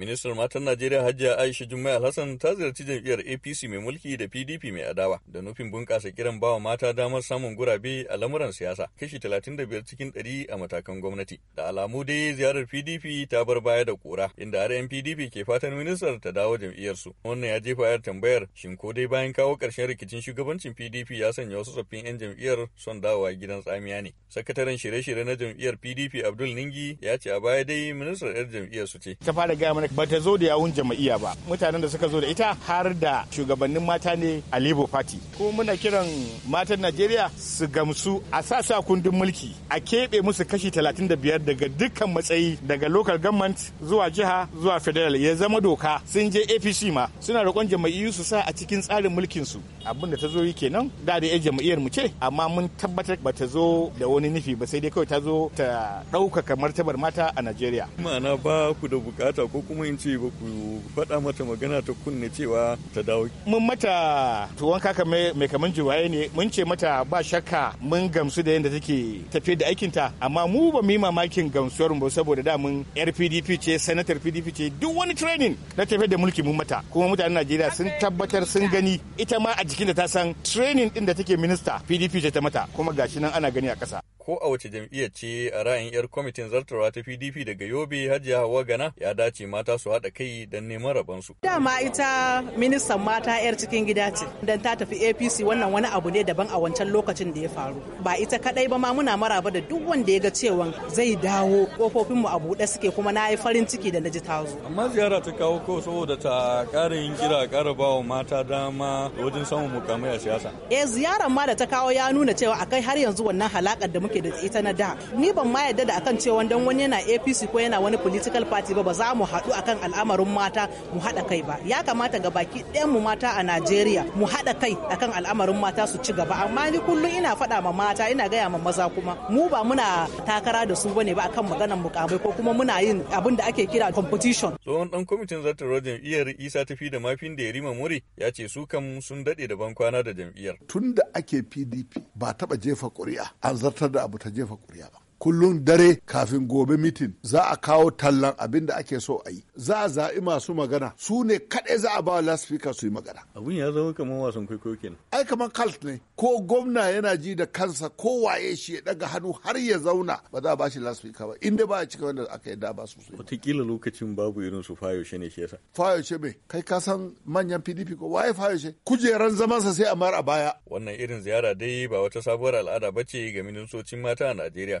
Ministar Matan Najeriya Hajiya Aisha Jummai Alhassan ta ziyarci jam'iyyar APC mai mulki da PDP mai adawa da nufin bunƙasa kiran bawa mata damar samun gurabe a lamuran siyasa kashi 35 cikin 100 a matakan gwamnati. Da alamu dai ziyarar PDP ta bar baya da kura inda har PDP ke fatan ministar ta dawo jam'iyyarsu. Wannan ya jefa yar tambayar shin ko dai bayan kawo ƙarshen rikicin shugabancin PDP ya sanya wasu tsoffin 'yan jam'iyyar son dawowa gidan tsamiya ne. Sakataren shirye-shirye na jam'iyyar PDP Abdul Ningi ya ce a baya dai ministar 'yar jam'iyyarsu ce. Ta fara gaya ba ta zo da yawun jama'iya ba mutanen da suka zo da ita har da shugabannin mata ne a labour party ko muna kiran matan najeriya su gamsu a sasa kundin mulki a keɓe musu kashi 35 daga dukkan matsayi daga local government zuwa jiha zuwa federal ya zama doka sun je apc ma suna roƙon jama'iyyu su sa a cikin tsarin mulkin su abin da ta zo yi kenan da da yan jama'iyyar mu ce amma mun tabbatar ba ta zo da wani nufi ba sai dai kawai ta zo ta ɗaukaka martabar mata a najeriya ma'ana ba ku da bukata ko kuma kuma in ce ba ku faɗa mata magana ta kunne cewa ta dawo. Mun mata tuwon kaka mai kamar jiwaye ne mun ce mata ba shakka mun gamsu da yadda take tafiyar da aikinta amma mu ba mu yi mamakin gamsuwar mu saboda da mun yar PDP ce sanatar PDP ce duk wani training na tafiyar da mulki mun mata kuma mutanen Najeriya sun tabbatar sun gani ita ma a jikin da ta san training din da take minista PDP ce ta mata kuma gashi nan ana gani a kasa. ko a wace jam'iyyar ce a ra'ayin 'yar kwamitin zartarwa ta PDP daga Yobe Hajiya hawa Gana ya dace mata su haɗa kai don neman rabonsu. Dama ita ministan mata 'yar cikin gida ce don ta tafi APC wannan wani abu ne daban a wancan lokacin da ya faru. Ba ita kaɗai ba ma muna maraba da duk wanda ya ga cewa zai dawo kofofinmu a buɗe suke kuma na yi farin ciki da na ji zo. Amma ziyara ta kawo ko saboda ta ƙara yin kira ƙara ba wa mata dama wajen samun mukamai a siyasa. Eh ziyarar ma da ta kawo ya nuna cewa akai har yanzu wannan halakar da muke da ita na da ni ban ma yadda da akan cewa dan wani yana APC ko yana wani political party ba ba za mu haɗu akan al'amarin mata mu haɗa kai ba ya kamata ga baki ɗayan mu mata a Najeriya mu haɗa kai akan al'amarin mata su ci gaba amma ni kullum ina faɗa ma mata ina gaya ma maza kuma mu ba muna takara da su bane ba akan maganar mukamai ko kuma muna yin abin da ake kira competition tsohon dan kwamitin zartarwar jam'iyyar isa ta fi da mafin da yarima muri ya ce su kan sun daɗe da bankwana da jam'iyyar tun da ake pdp ba taɓa jefa kuri'a an zartar da abu ta jefa ƙuri'a ba kullum dare kafin gobe mitin za a kawo tallan abin da ake so a yi za a zaɓi masu magana su ne kaɗai za a ba wa laspika su yi magana abin ya zama kamar wasan kwaikwayo kenan ai kamar kalt ne ko gwamna yana ji da kansa ko waye shi ya daga hannu har ya zauna ba za a ba shi laspika ba inda ba a cika wanda aka yadda ba su wataƙila lokacin babu irin su fayoshe ne shi yasa fayoshe bai kai ka san manyan pdp ko waye fayoshe kujeran zamansa sai a mara a baya wannan irin ziyara dai ba wata sabuwar al'ada ba ce ga ministocin mata a najeriya